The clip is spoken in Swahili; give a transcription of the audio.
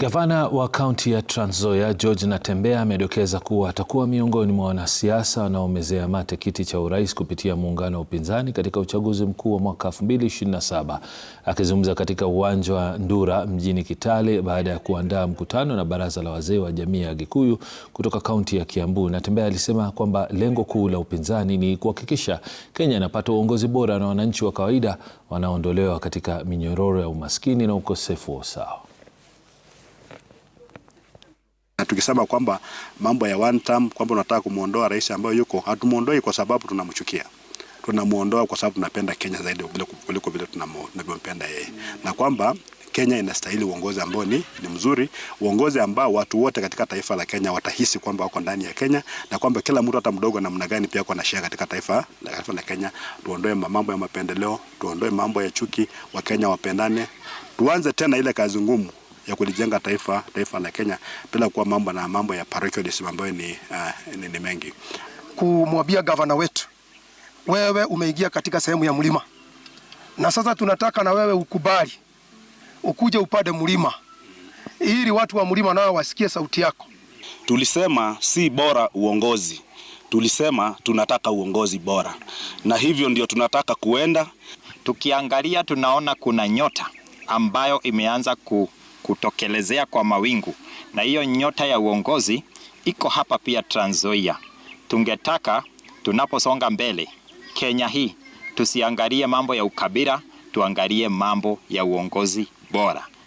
Gavana wa kaunti ya Trans Nzoia George Natembeya amedokeza kuwa atakuwa miongoni mwa wanasiasa wanaomezea mate kiti cha urais kupitia muungano wa upinzani katika uchaguzi mkuu wa mwaka 2027. Akizungumza katika uwanja wa Ndura mjini Kitale baada ya kuandaa mkutano na baraza la wazee wa jamii ya Gikuyu kutoka kaunti ya Kiambu, Natembeya alisema kwamba lengo kuu la upinzani ni kuhakikisha Kenya inapata uongozi bora na wananchi wa kawaida wanaondolewa katika minyororo ya umaskini na ukosefu wa usawa tukisema kwamba mambo ya one term, kwamba unataka kumuondoa rais ambayo yuko, hatumuondoi kwa sababu tunamchukia tunamuondoa kwa sababu tunapenda Kenya zaidi kuliko vile tunavyompenda yeye, na kwamba Kenya inastahili uongozi ambao ni, ni mzuri, uongozi ambao watu wote katika taifa la Kenya watahisi kwamba wako ndani ya Kenya na kwamba kila mtu hata mdogo namna gani pia ana share katika taifa la, taifa la Kenya. Tuondoe mambo ya mapendeleo, tuondoe mambo ya chuki, Wakenya wapendane, tuanze tena ile kazi ngumu ya kulijenga taifa taifa la Kenya bila kuwa mambo na mambo ya parochialism ambayo ni, uh, ni, ni mengi. Kumwambia gavana wetu, wewe umeingia katika sehemu ya mlima na sasa tunataka na wewe ukubali ukuje upande mlima ili watu wa mlima nao wasikie sauti yako. Tulisema si bora uongozi, tulisema tunataka uongozi bora, na hivyo ndio tunataka kuenda. Tukiangalia tunaona kuna nyota ambayo imeanza ku kutokelezea kwa mawingu, na hiyo nyota ya uongozi iko hapa pia Trans Nzoia. Tungetaka tunaposonga mbele Kenya hii tusiangalie mambo ya ukabila, tuangalie mambo ya uongozi bora.